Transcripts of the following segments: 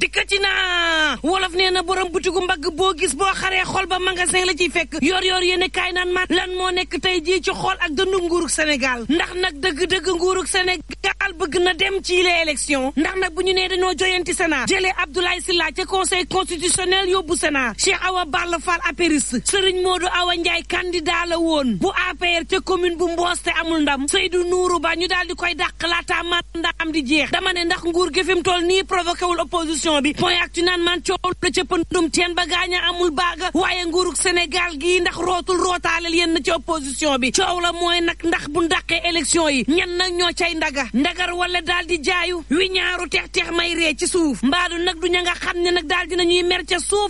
dikkati naa wolof nee na borom butigu mbagg boo gis boo xaree xol ba magasin la ciy fekk yor yor yéen kaay na ma lan moo nekk tey jii ci xol ak dëndu nguurug Sénégal ndax nag dëgg-dëgg nguurug Sénégal bëgg na dem ci les élections ndax nag bu ñu nee dañoo joyanti Sénat jëlee Abdoulaye Sylla ca conseil constitutionnel yóbbu Sénat Cheikh Awa Balla Fall apériste Serigne Modou Awa Ndiaye candidat la woon bu APR ca commune bu Mboos te amul ndam Seydou Nourou Ba ñu daal di koy dàq laata mandaam di jeex dama ne ndax nguur gi fi mu toll nii opposition bi point actu naan man coow la ca pëndum teen ba gaañ a amul baaga waaye nguurug Sénégal gii ndax rootul rootaaleel yenn ci opposition bi coow la mooy nag ndax bu ndàqee élection yi ñan nag ñoo cay ndaga ndagar wala daal di jaayu wi ñaaru teex teex may ree ci suuf mbaadu nag du ña nga xam ne nag daal dinañuy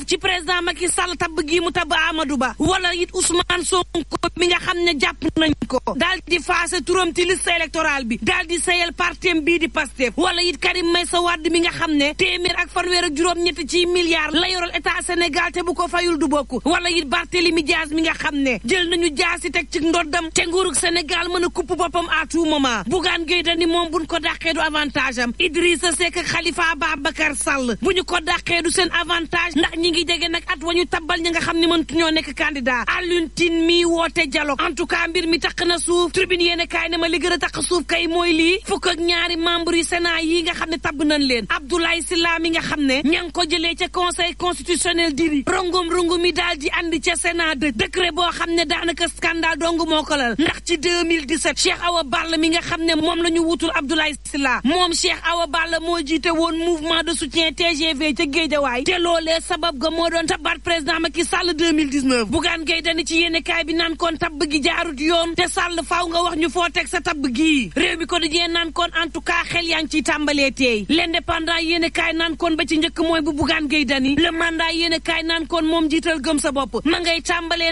ci président Macky Sall tabb gii mu tabb Amadou Ba wala it Ousmane Sonko mi nga xam ne jàpp nañ ko daal di faase turam ci liste électorale bi daal di sayal partem bii di Pastef wala it Karim Meïssa Wade mi nga xam ne téeméer ak ak fanweer ak juróom-ñett ci milliards la yoral état Sénégal te bu ko fayul du bokk wala it Barthélemy Dias mi nga xam ne jël nañu jaasi teg ci ndoddam te nguurug senegal mën a kupp boppam à tout moment Bougane Gueye Dany moom buñ ko dàqee du avantage am Idrissa Seck ak Khalifa Ababacar Sall bu ñu ko dàqee du seen avantage ndax ñi ngi jege nag at wañu tabbal ña nga xam ne mëntu ñoo nekk candidat Alioune mi woote dialogue en tout cas mbir mi taq na suuf tribune yéen ma li gën a taq suuf kay mooy lii ñaari membre yu Sénat yi nga xam ne tabb nañ leen Abdoulaye nga xam ne ña ngi ko jëlee ca conseil constitutionnel diri rongum rongum mi daal di andi ca sénat de décret boo xam ne daanaka scandale dong moo ko lal ndax ci 2017 Cheikh Awa mi nga xam ne moom la ñu wutul Abdoulaye Sylla moom Cheikh Awa Balla moo jiite woon mouvement de soutien TGV ca Géejawaay te loolee sabab ga moo doon tabaat président Macky Sall 2019 Bougane Gueye Dany ci yéene kaay bi naan kon tabb gi jaarut yoon te Sall faaw nga wax ñu foo teg sa tabb gii réew mi ko dijee naan en tout cas xel yaa ngi ciy tàmbalee teey l'indépendant yéene kaay naan kon kon ba ci njëkk mooy bu Bougane Gueye Dany le mandat yéen a kaay naan kon moom jiital gëm sa bopp ma ngay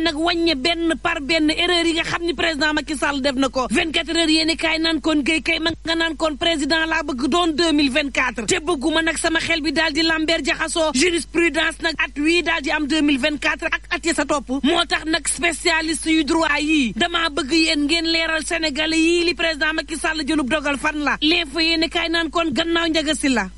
nag wàññe benn par benn erreur yi nga xam ni président Macky Sall def na ko 24 heures yéen a naan kon Gueye kay ma nga naan kon président laa bëgg doon 2024 te bëgguma nag sama xel bi daal di lambeer jaxasoo jurisprudence nag at wii daal di am 2024 ak at yi sa topp moo tax nag spécialiste yu droit yii damaa bëgg yéen ngeen leeral Sénégalais yii li président Macky Sall jëlub dogal fan la léegi fa yéen a kaay naan kon gannaaw njaga si la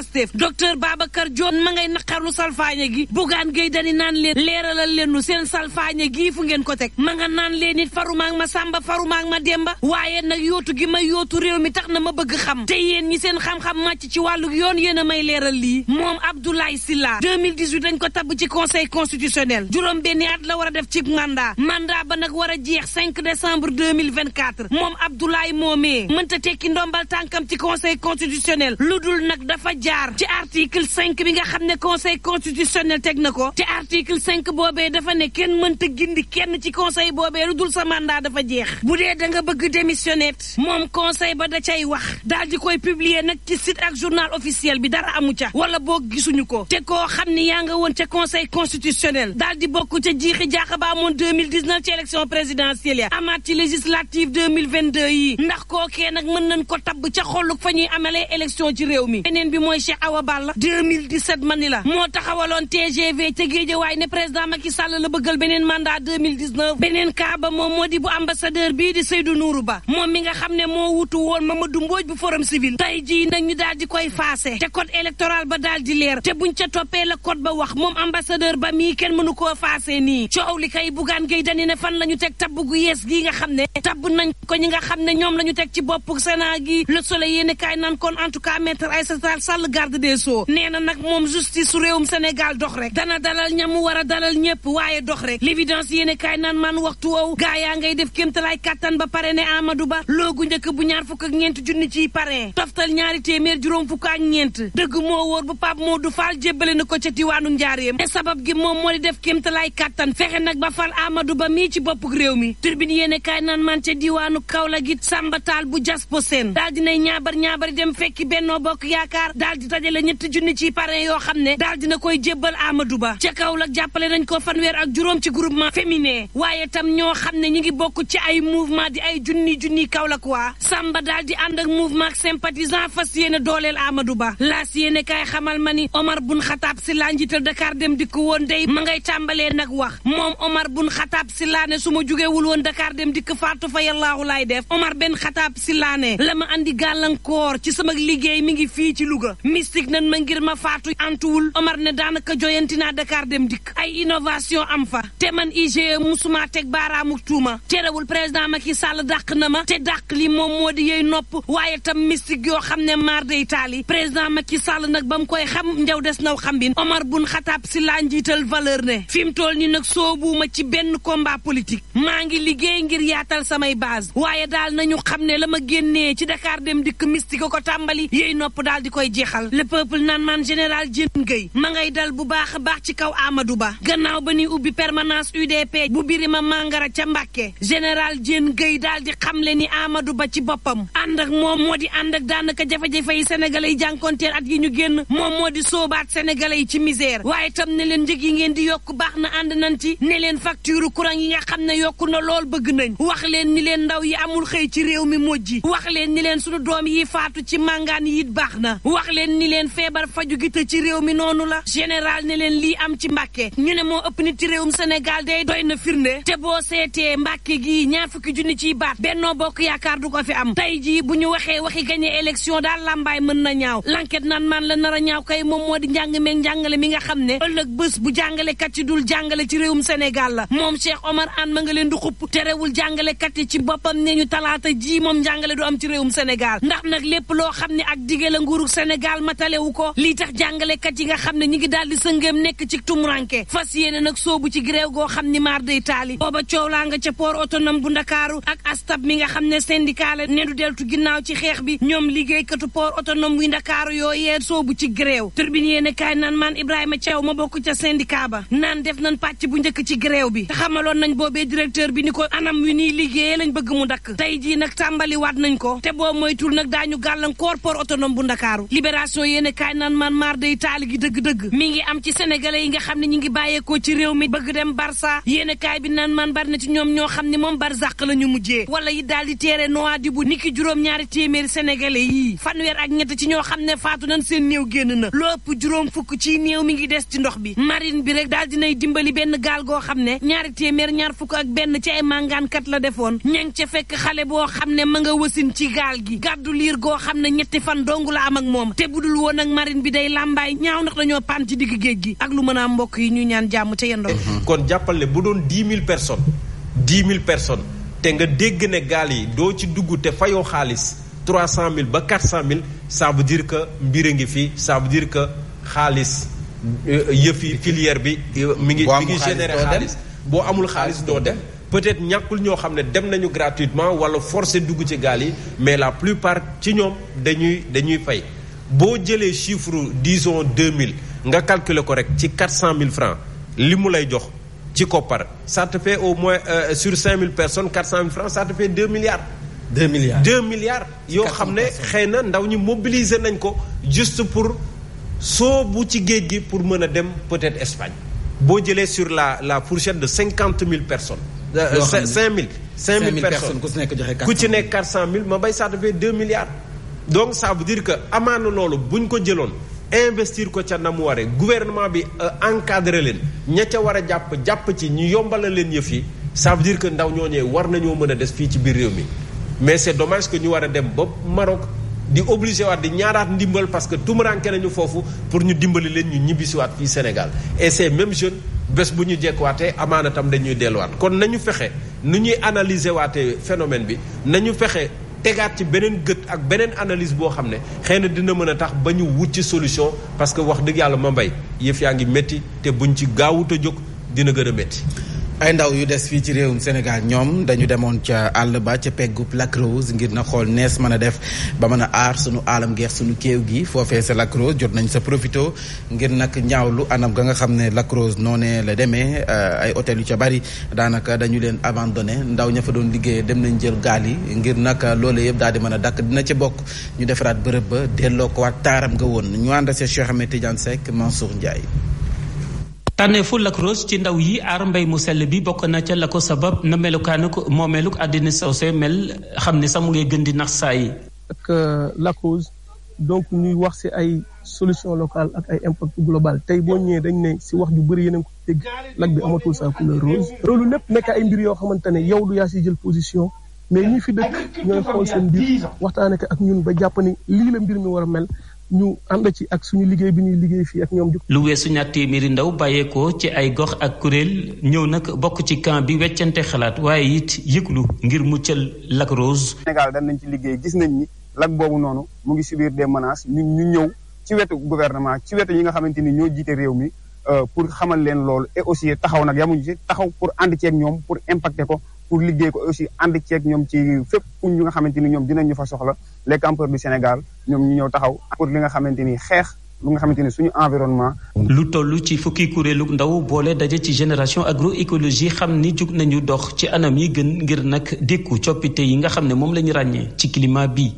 Pastef docteur Babacar Dione ma ngay naqarlu salfaañe gi bugaan géy dani naan leen leeralal leen nu seen salfaañe gi fu ngeen ko teg ma nga naan leen it farumaag ma sàmba farumaag ma demba waaye nag yootu gi may yootu réew mi tax na ma bëgg xam te yéen ñi seen xam-xam màcc ci wàllu yoon yéen a may leeral lii moom silla Abdoulaye Sylla 2018 dañ ko tabb ci conseil constitutionnel juróom benni at la war a def ci mandat mandat ba nag war a jeex 5 décembre 2024 moom Abdoulaye moomee mënta tekki ndombal tànkam ci conseil constitutionnel lu dul nag dafa jaar ci article cinq bi nga xam ne conseil constitutionnel teg na ko te article cinq boobee dafa ne kenn mënta gindi kenn ci conseil boobee lu dul sa mandat dafa jeex bu dee da nga bëgg démissionner moom conseil ba da cay wax daal di koy publier nag ci site ak journal officiel bi dara amu ca wala boo gisuñu ko te koo xam ne yaa nga woon ca conseil constitutionnel daal di bokk ca jiixi jaaxa ba amoon 2019 ci élection présidentielle amaat ci législative 2022 yi ndax kookee nag mën nañ ko tabb ca xolluk fa ñuy amalee élection ci réew mi mooy Cheikh Awa Balla 2017 ma ni la moo taxawaloon TGV ca Géejawaay ne président Macky Sall la bëggal beneen mandat 2019 beneen kaa ba moom moo di bu ambassadeur bii di Seydou Nourou Ba moom mi nga xam ne moo wutu woon Mamadou Mbodj bu forum civil tey jii nag ñu daal di koy faase te code électoral ba daal di leer te buñ ca toppee la code ba wax moom ambassadeur ba mii kenn mënu koo faase nii coow li kay bugaan géy dani ne fan la ñu teg tabb gii nga xam ne tabb nañ ko ñi la ñu teg ci bopp Sénat Sall nee na nag moom justice su réewum Sénégal dox rek dana dalal ñam war a dalal ñëpp waaye dox rek l'évidence yéene kaay naan man waxtu woowu gaa yaa ngay def kéemtalaay kàttan ba pare ne Amadou Ba loogu njëkk bu ñaar fukk ak ñeent junni ciy parrain toftal ñaari téeméer juróom fukk ak ñeent dëgg moo wóor bu Pape Modou Fall jébbale na ko ca diwaanu Njaareem te sabab gi moom moo di def kéemtalaay kàttan fexe nag ba fal Amadou Ba mii ci bopp réew mi turbine yéene kaay naan man ca diwaanu Kaolack it Samba Tall bu jaspo seen daal dinay ñaabar ñaabari daal di dajale ñetti junni ci parrain yoo xam ne daal dina koy jébbal Amadou Ba ca Kaolack jàppale nañ ko fanweer ak juróom ci groupement féminin waaye tam ñoo xam ne ñi ngi bokk ci ay mouvement di ay junni junni Kaolack waa Samba daal di ànd ak mouvement ak sympathisant fas yéene dooleel Amadou Ba laas yéene kaay xamal ma ni Omar bun Xataab si laa njiital Dakar dem dikk woon day ma ngay tàmbalee nag wax moom Omar bun Xataab si laa su ma jugewul woon Dakar dem dikk faatu fa yàllaahu laay def Omar benn Xataab si laa la ma andi gàllankoor ci sama liggéey mi ngi fii ci Louga mystique nan ma ngir ma faatu antuwul Omar ne daanaka joyanti naa Dakar dem dikk ay innovation am fa te man IGE musuma teg baaraamu tuuma terewul président Macky Sall dàq na ma te dàq li moom moo di yey nopp waaye tam mystique yoo xam ne maar day taali président Macky Sall nag ba mu koy xam njaw des naw xam bin Omar bun xataab si laa njiital valeur ne fi mu toll ni nag soobu ma ci benn combat politique maa ngi liggéey ngir yaatal samay base waaye daal nañu xam ne la ma génnee ci Dakar dikk mystique ko tàmbali yey nopp daal di koy jeex jeexal le peuple naan maan général Diène Gueye ma ngay dal bu baax a baax ci kaw Amadou Ba gannaaw ba ñuy ubbi permanence UDP bu biri ma Mangara ca Mbàkke général Diène Gueye daal di xamle ni Amadou Ba ci boppam ànd ak moom moo di ànd ak daanaka jafe-jafe yi sénégalais yi jànkonteel ak yi ñu génn moom moo di soobaat sénégalais yi ci misère waaye tam ne leen njëg yi ngeen di yokk baax na ànd nañ ci ne leen facture courant yi nga xam ne yokku na lool bëgg nañ wax leen ni leen ndaw yi amul xëy ci réew mi mujj wax leen ni leen sunu doom yi faatu ci màngaan yi it baax na leen ni leen feebar faju gi ci réew mi noonu la général ne leen lii am ci Mbàkke ñu ne moo ëpp nit ci réewum senegal day doy na firnde te boo seetee Mbàkke gii ñaar fukki junni ciy baat Benno Bokk Yaakaar du ko fi am tey jii bu ñu waxee waxi gañe élection daal làmbaay mën na ñaaw lanket naan maan la nar a ñaaw kay moom moo di njàng meeg njàngale mi nga xam ne ëllëg bés bu jàngalekat ci dul jàngale ci réewum Sénégal la moom Cheikh Omar Anne ma nga leen du xupp terewul jàngalekat yi ci boppam ne ñu talaata jii moom njàngale du am ci réewum Sénégal ndax nag lépp loo xam ne ak dige la nguurug Sénégal matalewu ko lii tax jàngalekat yi nga xam ne ñi ngi daal di sëngéem nekk ci tumuranke fas yéene nag soobu ci gréew goo xam ni maar day taali booba coow laa nga ca port autonome bu ndakaaru ak astab mi nga xam ne syndicat la ne du deltu ginnaaw ci xeex bi ñoom liggéeykatu port autonome bu ndakaaru yooyee soobu ci gréew turbine yéene kaay naan maan Ibrahima Thiaw ma bokk ca syndicat ba naan def nañ pàcc bu njëkk ci gréew bi te xamaloon nañ boobee directeur bi ni ko anam wi niy liggéeyee lañ bëgg mu dakk tey jii nag tàmbaliwaat nañ ko te boo moytul nag daañu gàllankoor port autonome libération yéen a kaay naan man maar day taali gi dëgg-dëgg mi ngi am ci sénégalais yi nga xam ne ñu ngi bàyyeekoo ci réew mi bëgg dem barça yéen a bi naan man bari na ci ñoom ñoo xam ne moom barzàq la ñu mujjee wala yi daal di teere Nouadhibou ni ki juróom-ñaari téeméer sénégalais yii fanweer ak ñett ci ñoo xam ne faatu nañ seen néew génn na lu ëpp juróom fukk ci néew mi ngi des ci ndox bi marine bi rek daal dinay dimbali benn gaal goo xam ne ñaari téeméer ñaar fukk ak benn ci ay màngaankat la defoon ñang ca fekk xale boo xam ne ma nga wasin ci gaal gi gàddu liir goo xam ne ñetti fan dong la am ak moom te dul woon ak marine bi day làmbaay ñaaw ndax dañoo paan ci diggu géej gi ak lu mën a mbokk yi ñu ñaan jàmm ca yendoo eh, kon jàppale bu doon dix mille personnes dix mille personnes te nga dégg ne gaal yi doo ci dugg te fayoo xaalis trois cent mille ba quatre cent mille ça veut dire mbir a ngi fii ça veut dire xaalis euh, yëfi yi bi euh, mi ngi mi xaalis boo amul xaalis doo dem peut-être ñàkkul ñoo xam ne dem nañu gratuitement walla forcé dugg ci gaal yi mais la plupart ci ñoom dañuy dañuy fay boo jëlee chiffre deux mille nga calculer ko rek ci cent mille francs li mu lay jox ci koppar ça te fait au moins euh, sur 5000 personnes 400000 francs ça te fait 2 milliards. 2 milliards 2 yoo xam ne xëy na ndaw ñi mobiliser nañ ko juste pour soobu ci géej gi pour a dem peut-être Espagne boo jëlee sur la la fourchette de 50 000 personnes. Euh, yoo xam ne 5000. 5000 personnes ku ci nekk joxe 400000 ku ma bay ça te fait 2 milliards. donc ça veut dire que amaana loolu ñu ko jëloon investir ko ca na mu waree gouvernement bi euh, encadré leen ña ca war a jàpp jàpp ci ñu yombala leen yëf yi ça veut dire que ndaw ñoo ñooñee war nañoo mën a des fii ci biir réew mi mais c'est dommage que ñu war a dem bopp Maroc di obligé waat di ñaaraat ndimbal parce que tumuranke nañu foofu pour ñu dimbali leen ñu ñibbisiwaat fii Sénégal et ces mêmes jeunes bés bu ñu jekkuwaatee amaana tam dañuy delluwaat kon nañu fexe nu ñuy analyser waatee phénomène bi nañu fexe tegaat ci beneen gët ak beneen analise boo xam ne xëy na dina mën a tax ba ñu wut ci solution parce que wax dëgg yàlla ma mbay yëf yaa ngi métti te buñ ci gaawut a jóg dina gën a métti ay ndaw yu des fii ci réewum Sénégal ñoom dañu demoon ca àll ba ca peggub Lac ngir na xool nees mën a def ba mën a aar sunu aalam geex sunu kéew gi foofee sa Lac jot nañ sa profito ngir nag lu anam ga nga xam ne Lac Rose la demee euh, ay hôtel yu ca bari daanaka dañu leen abandonné ndaw ña fa doon liggéeyee dem nañ jël gaal yi ngir nag loolu yëpp daal di mën a dakk dina ca bokk ñu defaraat bërëb ba delloo ko waat taaram nga woon ñu ànd see Cheikh Ahmed Tidiane Seck Mansour Ndiaye. tànneefu Lac Rose ci ndaw yi aar mbay mu sell bi bokk na ca la ko sabab na melukaanu ko moomeeluk àddina soose mel xam ne sax mu ngi gën di nax saa yi. ak euh, Lac Rose donc ñuy wax si ay solution locale ak ay impact global tey boo ñëwee dañ ne si wax ju bëri yéen a ko dégg lac bi amatul sa couleur rose. loolu lépp nekk ay mbir yoo xamante ne yow du yaa si jël position mais ñi fi dëkk ñooy xool seen mbir waxtaanee ak ñun ba jàpp ni lii la mbir mi war a ñu ànd ci ak suñu liggéey bi ñuy liggéey fii ak ñoom. lu weesu ñaar téeméeri ndaw bàyyeekoo ci ay gox ak kuréel ñëw nag bokk ci kan bi weccante xalaat waaye it yëglu ngir muccal Lac Rose. Sénégal dañ nañ ci liggéey gis nañ ni lac boobu noonu mu ngi subir des menaces ñun ñu ñëw ci wetu gouvernement ci wetu ñi nga xamante ni ñoo jiite réew mi euh, pour xamal leen loolu et aussi taxaw nag yamuñu ci taxaw pour ànd ceeg ñoom pour impacter ko. pour liggéey ko aussi ànd ceeg ñoom ci fépp pour ñu nga xamante ni ñoom dinañu fa soxla les campeurs du Sénégal ñoom ñu ñëw taxaw pour li nga xamante ni xeex lu nga xamante ni suñu environnement. lu toll ci fukki kuréelu ndaw boole daje ci génération agro écologie xam ni jug nañu dox ci anam yi gën ngir nag dikku coppite yi nga xam ne moom la ñu ràññee ci climat bi.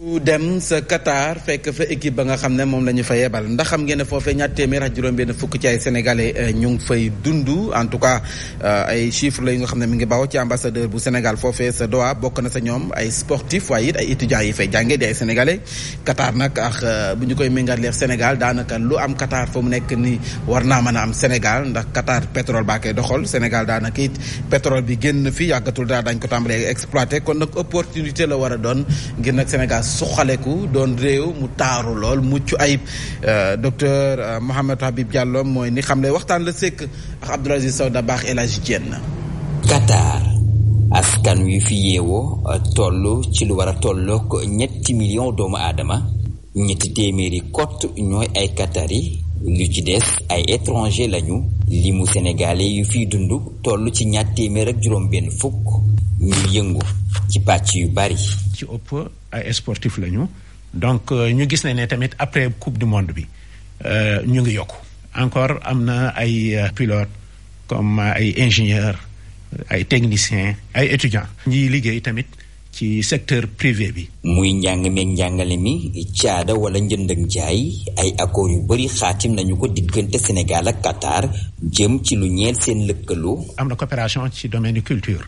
dem sa Qatar fekk fa équipe ba nga xam ne moom la ñu fa yebal ndax xam ngeen ne foofee ñaar téeméer benn fukk ci ay sénégalais euh, ñu ngi fay dund en tout cas euh, ay chiffres la yu nga xam ne mi ngi baaw ci ambassadeur bu Sénégal foofee sa Doha bokk na sa ñoom ay sportif waaye it ay étudiants yi fay jàngee di ay sénégalais Qatar nag ak euh, bu ñu koy méngaleeg Sénégal daanaka lu am Qatar fa mu nekk ni war naa mën a am Sénégal ndax Qatar pétrole baa koy doxal Sénégal daanaka it pétrole bi génn fi yàggatul dara dañ ko tàmbalee exploité kon nag opportunité la war a doon ngir nag su suqaleku doon réew mu taaru lool mucc ayib euh, docteur euh, Mouhamed Habib Diallo mooy ni xam le waxtaan la sekk ak Abdoul Aziz Sow Dabakh El Hadji Diène Qatar askan wi fi yeewoo euh, toll ci lu war a tollook ñetti million doomu aadama ñetti téeméeri kott ñooy ay Qatari lu ci des ay étranger lañu li mu sénégalais yu fi dund toll ci ñaar téeméer ak juróom benn fukk ñu yëngu ci pàcc yu bari. ci ëpp ay sportif lañu donc euh, ñu gis ne ne tamit après coupe du monde bi euh, ñu ngi yokku encore am na ay euh, pilote comme ay ingénieur ay technicien ay étudiant ñiy liggéey tamit ci secteur privé bi. muy njàng meeg njàngale mi caada wala njënd ak jaay ay accords yu bëri xaatim nañu ko diggante Sénégal ak Qatar jëm ci lu ñeel seen lëkkaloo. am na coopération ci domaine culture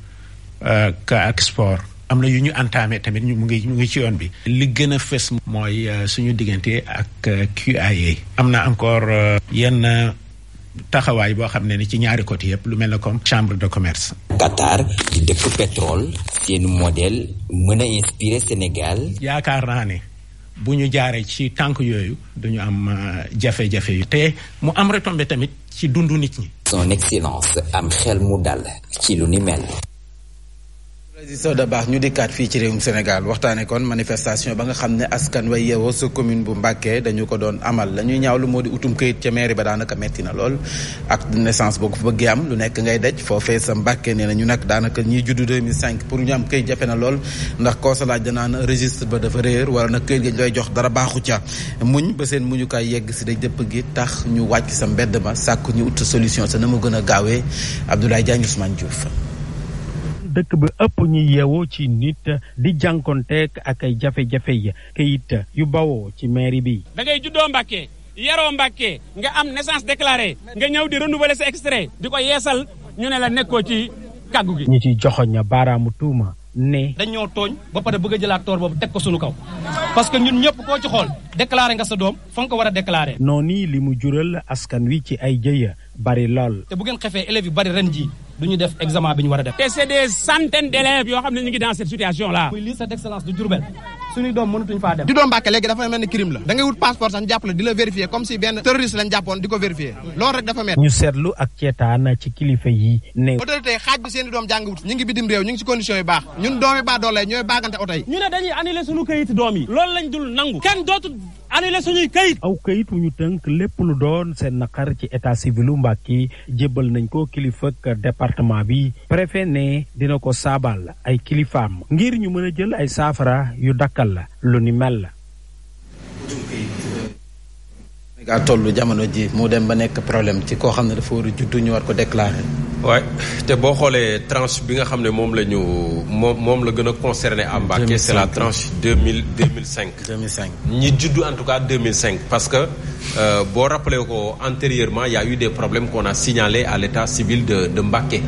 ak sport. am na yu ñu entamé tamit ñu mu ngi mu ngi ci yoon bi. li gën a fës mooy euh, suñu diggante ak euh, QAE. am na encore euh, yenn taxawaay boo xam ne ni ci ñaari côté yëpp lu mel ne kom chambre de commerce. Qatar di dëkk pétrole. seen modèle mën a inspiré Sénégal. yaakaar naa ne. bu ñu jaaree ci tànk yooyu duñu am jafe-jafe yu te mu am retombé tamit ci dundu nit ñi. son excellence am xel mu dal ci lu ni mel. Résistor da baax ñu dikkaat fii ci réewum Sénégal waxtaane kon manifestation ba nga xam ne askan way yeewoo sa commune bu Mbàkke dañu ko doon amal la ñuy lu moo di utum këyit ca mairie ba daanaka metti na lool ak naissance boo ko fa bëggee am lu nekk ngay daj foofee sa Mbàkke nee na ñu nag daanaka ñiy juddu 2005 pour ñu am këyit jafe na lool ndax koo sa laaj danaan registre ba dafa réer wala nag këyit gañ lay jox dara baaxu ca muñ ba seen muñukaay yegg si day dëpp gi tax ñu wàcc sa mbedd ma sàkk ñu ut solution sa na mu gën a gaawee Abdoulaye Diagne Ousmane Diouf dëkk ba ëpp ñu yeewoo ci nit di jànkonteek ak ay jafe-jafe yi kayit yu bawoo ci mairie bi. da ngay juddoo Mbàkke yaroo Mbàkke nga am naissance déclarée nga ñëw di renouveler sa extre di ko yeesal ñu ne la nekkoo ci kàggu gi. ñi ciy joxoñ baaraamu tuuma. ne dañoo tooñ ba pare bëgg a jëlaat toor boobu teg ko sunu kaw parce que ñun ñëpp koo ci xool déclaré nga sa doom fa nga ko war a déclaré. noonu li mu jural askan wi ci ay jëya bari lool. te bu ngeen xefee élèves yu bari ren jii du ñu def examen bi ñu war a def. et c'est des centaines d'élèves yoo xam ne ñu ngi dans cette situation là. muy lycée d'excellence du Diourbel. suñu doom mënatuñ faa dem di doom Mbàkke léegi dafa mel ni la da wut passeport sax jàppale di la vérifier comme si benn terroriste lañ jàppoon di ko vérifier loolu rek dafa mel ñu seetlu ak ceetaan ci kilifa yi ne autorité xaaj bi seen doom jàng wut ñu ngi bitim réew ñu ngi si condition yu baax ñun doom yi baa doole ñooy baagante oto ñu ne dañuy annulé suñu kayit doom yi loolu lañ dul nangu kenn dootul annulé suñuy kayit aw kayit wu lu doon seen naqar ci état département bi préfet ne dina ko saabal ay kilifaam ngir ñu mën a jël ay saafara yu dakk nekkal la lu ni mel la gaa toll jamono ji mu dem ba nekk problème ci koo xam ne dafa war a juddu ñu war ko déclarer. waay te boo xoolee tranche bi nga xam ne moom la ñu moom moom la gën a concerné à Mbacké c'est la tranche deux mille deux mille cinq. deux cinq ñi juddu en tout cas deux mille cinq. parce que euh, boo rappelé ko antérieurement yaa yu eu problème problèmes qu'on a signalé à l'état civil de de Mbacké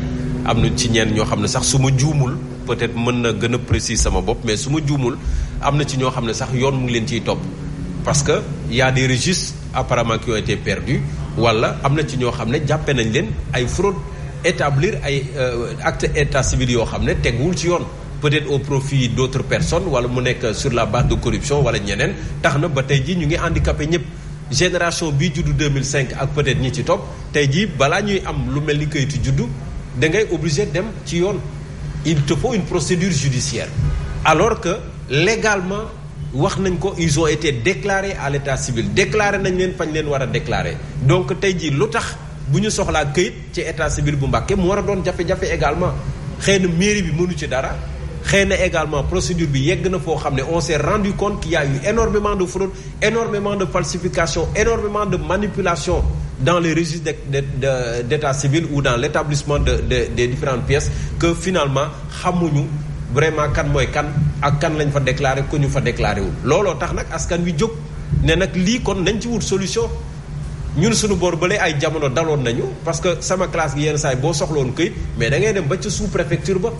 am na ci ñenn ñoo xam ne sax su ma juumul peut-être mën na gën a précis sama bopp mais su ma juumul. am na ci ñoo xam ne sax yoon mu ngi leen ciy topp parce que y des registres apparemment qui ont été perdus wala am na ci ñoo xam ne jàppe nañ leen ay fraude établir ay euh, acte état yoo xam ne teguwul ci yoon peut-être au profit d'autres personnes wala mu nekk sur la base de corruption wala ñeneen tax na ba tey jii ñu ngi handicapé ñëpp génération bii juddu 2005 ak peut-être ñi ci topp tey jii balaa ñuy am lu mel ni kayitu juddu da ngay obligé dem ci yoon il te faut une procédure judiciaire alors que légalement wax nañ ko ils ont été déclarés à l'état civil déclaré nañ leen fañ leen war a déclaré donc tey jii lu tax bu ñu soxlaa këyit ci état civil bu Mbàkke mu war doon jafe-jafe également xëy na mairie bi mënu ci dara xëy na également procédure bi yegg na foo xam ne on s'est rendu compte qu'il y a énormément de fraude énormément de falsification énormément de manipulation dans les registres de de d'état civil ou dans l'établissement de de des différentes pièces que finalement xamuñu vraiment kan mooy kan ak kan lañu fa déclaré ku ñu fa déclaré wul looloo tax nag askan wi jóg ne nag lii kon nañ ci wut solution ñun suñu boor bële ay jamono daloon nañu parce que sama classe gi yenn saay boo soxloon këyit mais da ngay dem ba ca sous préfecture ba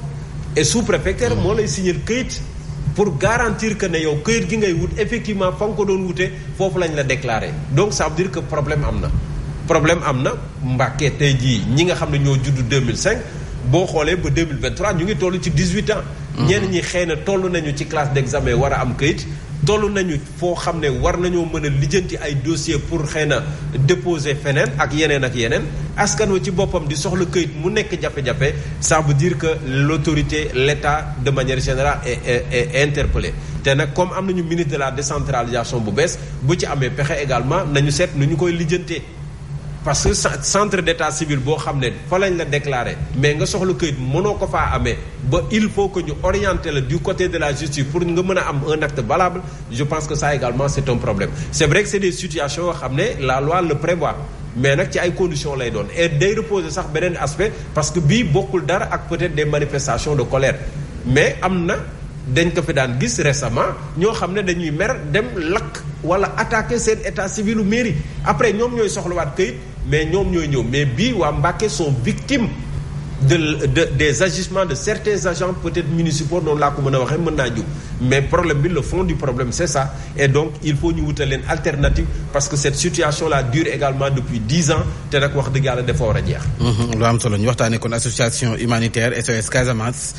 et sous préfecture moo lay signer kayit pour garantir que ne yow kayit gi ngay wut effectivement fa nga ko doon wute foofu lañ la déclaré donc ça veut dire que problème am na problème am na Mbàkke tey jii ñi nga xam ne ñoo judd 2005 boo xoolee ba 2023 ñu ngi toll ci 18 ans ñenn ñi xëy na toll nañu ci classe d'examen war a am kayit toll nañu foo xam ne war nañoo mën a lijjanti ay dossier pour xëy na déposer feneen ak yeneen ak yeneen askan wa ci boppam di soxla këyit mu nekk jafe-jafe ça veut dire que l'autorité l'État de manière générale et est est interpellé te nag comme am nañu ministre de la décentralisation bu bees bu ci amee pexe également nañu seet nu ñu koy lijjantee parce que centre d'état civil boo xam ne fa lañ la déclaré mais nga soxla këyit mënoo ko faa amee ba il faut que ñu orienter la du côté de la justice pour nga mën a am un acte valable je pense que ça également c'est un problème c'est vrai que c'est des situations yoo xam ne la loi le prévoit mais nag ci ay condition lay doon et day reposer sax beneen aspect parce que bii bokkul dara ak peut-être des manifestations de colère mais am na dañ ko fi daan gis récemment ñoo xam ne dañuy mer dem lakk wala attaquer seen état civil ou après ñoom ñooy soxlawaat këyit mais ñoom ñooy ñëw mais bi waa Mbacké sont victimes de de des agissements de certains agents peut-être municipaux noonu laa ko mën a waxee mën naa jub mais problème bi le fond du problème c'est ça et donc il faut ñu wutal leen alternative parce que cette situation là dure également depuis ans te nag wax dëgg yàlla dafa war a jeex. Mm-hmm. lu am solo ñu waxtaanee kon association humanitaire SOS Casamance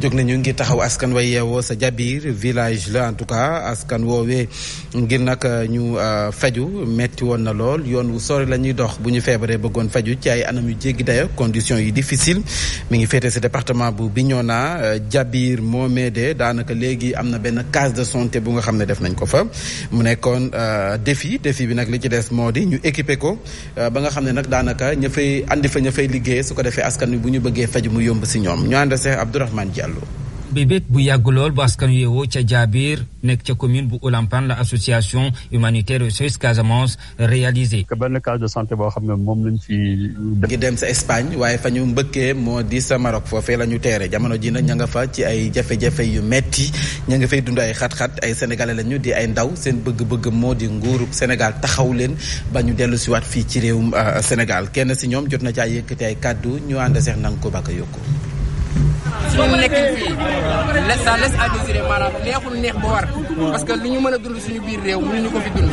jóg nañu ngir taxaw askan way yeewoo sa jabir village la en tout cas askan woowee ngir nag euh, ñu euh, faju metti woon na lool yoon wu sori la ñuy dox bu ñu feebaree bëggoon faju ci ay anam yu jéggi dayo condition yi difficile mi ngi féete si département bu Bignona euh, jabir moo meede daanaka léegi am na benn case de santé bu nga xam ne def nañ ko fa mu nekkoon euh, defi défi bi nag li ci des moo di ñu équipé ko euh, ba nga xam ne nag daanaka ña fay andi fa ña fay liggéey su ko defee askan wi bu ñu bëggee faj mu yomb si ñoom ñu ànd Cheikh Abdourahmane Diallo bébét bu yàgg lool bu askan yeewoo ca Jabir nekk ca commune bu Oulampane la association humanitaire SOS Casamance réalisé. benn case de santé boo xam ne moom lañ fi. ngi dem sa Espagne waaye fa ñu mbëkkee moo di sa Maroc foofee la ñu teere jamono ji nag ña nga fa ci ay jafe-jafe yu metti ña nga fay dund ay xat-xat ay sénégalais lañu di ay ndaw seen bëgg-bëgg moo di nguurub Sénégal taxaw leen ba ñu dellu siwaat fii ci réewum euh, Sénégal kenn si ñoom jot na caa yëkkati ay kàddu ñu nang ko baka yokku suñu nekkin fii laisse ça laisse a désirer maanaam neexul neex ba war parce que lu ñu mën a dund suñu biir réew ñu ko fi dund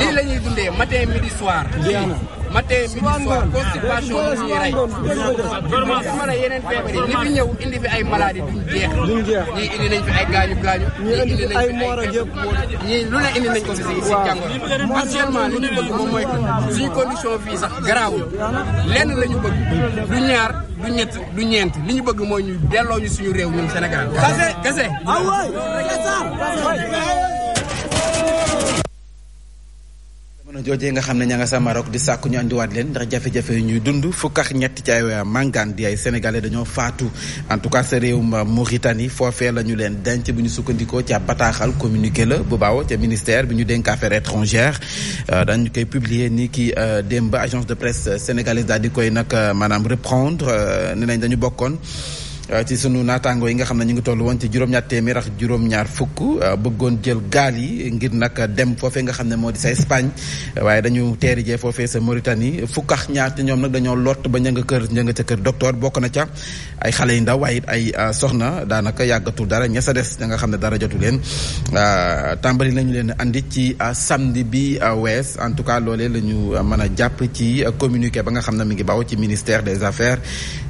lii la ñuy dundee matin midi soir matin midi soir constipation mu ñuy rey sama na yeneen feebar yi ñi fi ñëw indi fi ay maladie duñ jeex ñii indi nañ fi ay gaañu gaañu ñii indi nañ fi ay ñii lu ne indi nañ ko si si jàngoro actuellement li ñu bëgg moom mooy suñu condition fii sax garaawul lenn la ñu du ñaar du ñett du ñeent li ñu bëgg mooy ñu delloo ñu suñu réew ñun Sénégal. kase kase. Ah jamono joojee nga xam ne ña nga sa Maroc di sàkku ñu andiwaat leen ndax jafe-jafe ñuy dund fukk ak ñett ci ay màngaan di ay sénégalais dañoo faatu en tout cas sa réewum Mauritanie foofee la ñu leen denc bu ñu sukkandikoo ca bataaxal communiqué la bu baaw ca ministère bi ñu dénk affaires étrangères euh, dañu koy publier ni ki euh, démb agence de presse sénégalaise dal di koy nag euh, maanaam reprendre ne nañ dañu bokkoon Euh, ci suñu naataangoo yi nga xam ne ñu ngi toll woon ci juróom-ñaar téeméer juróom-ñaar fukk euh, bëggoon jël gaal yi ngir nag dem foofe nga xam ne moo di sa Espagne euh, waaye dañu teeri foofe foofee sa Mauritanie fukk ak ñaar ci ñoom nag dañoo lott ba ña nga kër ña nga ca kër doctor bokk na ca ay xale yu ndaw waaye it ay soxna daanaka yàggatu dara ña sa des ña nga xam ne dara jotu leen tàmbali nañu leen indi ci samedi bi wees en tout cas loolee la ñu mën a jàpp ci communiqué ba nga xam ne mi ngi baaw ci ministère des affaires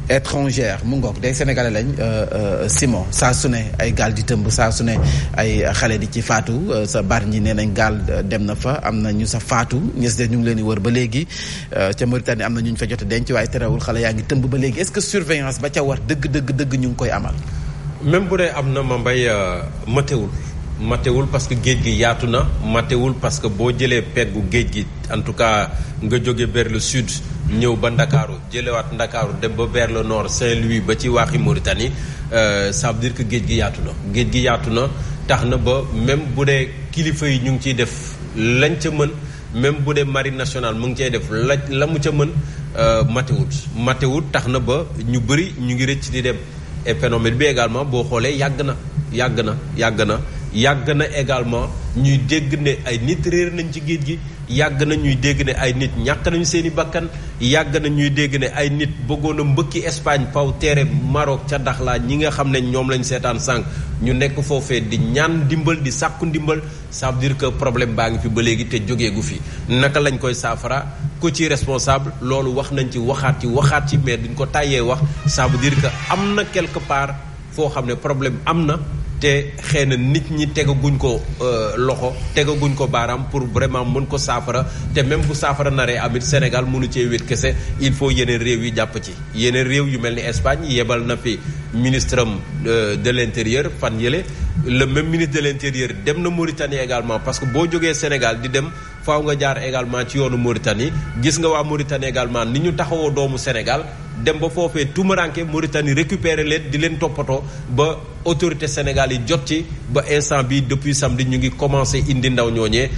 étrangère mu ngoog day sénégalais lañ euh, euh, Simon saa su ne ay gaal di tëmb saa su ne ay xale di ci faatu euh, sa bar ñi nee nañ gaal dem na fa am na ñu sa faatu ñes de ñu ngi leen di wër ba léegi ca Mauritanie am na ñu fa jot a denc waaye terewul xale yaa ngi tëmb ba léegi est-ce que surveillance ba ca war dëgg dëgg dëgg ñu ngi koy amal même bu dee am na ma mbay matewul matewul parce que géej gi yaatu na matewul parce que boo jëlee peggu géej gi en tout cas nga jóge vers sud ñëw ba ndakaaru jëlewaat ndakaaru dem ba vers le nord Saint-Louis ba ci waaxi Mauritanie euh, ça veut dire que géej gi yaatu na géej gi yaatu na tax na ba même bu dee kilifa yi ñu ngi ciy def lañ ca mën même bu dee marine nationale mu ngi cee def la la mu ca mën matewut matewut tax na ba ñu bëri ñu ngi rëcc di dem et phénomène bi également boo xoolee yàgg na yàgg na yàgg na yàgg na également ñuy dégg ne ay nit réer nañ ci géej gi yàgg na ñuy dégg ne ay nit ñàkk nañu seen i bakkan yàgg na ñuy dégg ne ay nit bëggoon a mbëkki Espagne paw teere Maroc ca Daxla ñi nga xam ne ñoom lañu seetaan sànq ñu nekk foofee di ñaan ndimbal di sàkku ndimbal ça diir dire que problème baa ngi fi ba léegi te jógeegu fi naka lañ koy saafara ku ci responsable loolu wax nañ ci waxaat ci waxaat ci mais duñ ko tàyyee wax ça diir dire am na quelque part foo xam ne problème am na te xëy na nit ñi tegaguñ ko euh, loxo tegaguñ ko baaraam pour vraiment mën ko saafara te même bu saafara naree amit Sénégal mënu cee wét kese il faut yeneen réew yu jàpp ci yeneen réew yu mel ni Espagne yebal na fi ministre am euh, de l'intérieur fan yële la même ministre de l'intérieur dem na Mauritanie également parce que boo jógee Sénégal di dem faaw nga jaar également ci yoonu Mauritanie gis nga waa Mauritanie également ni ñu taxawoo doomu Sénégal dem ba foofee tumaranke Mauritanie récupérer leen di leen toppatoo ba autorité Sénégal yi jot ci ba instant bi depuis sam di ñu ngi commencé indi ndaw ñooñee